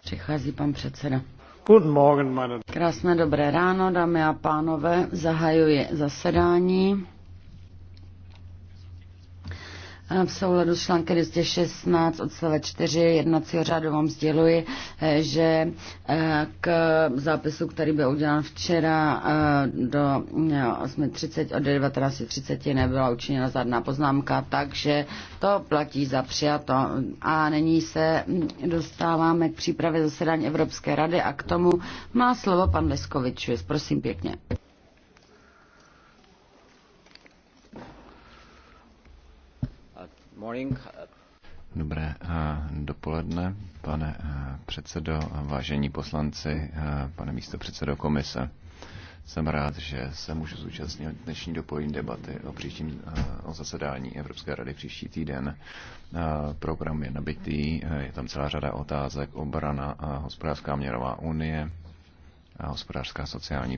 Přichází pan předseda. Krásné dobré ráno, dámy a pánové. Zahajuji zasedání. V souladu s článkem 216 odstavec 4 jednacího řádu vám sděluji, eh, že eh, k zápisu, který byl udělán včera eh, do 8.30 od 19.30 nebyla učiněna žádná poznámka, takže to platí za přijato. A nyní se hm, dostáváme k přípravě zasedání Evropské rady a k tomu má slovo pan Leskovič. Prosím pěkně. Dobré eh, dopoledne, pane eh, předsedo, vážení poslanci, eh, pane místo předsedo komise. Jsem rád, že se můžu zúčastnit dnešní dopolední debaty o příštím o zasedání Evropské rady příští týden. Program je nabitý, je tam celá řada otázek, obrana, hospodářská měrová unie, a hospodářská sociální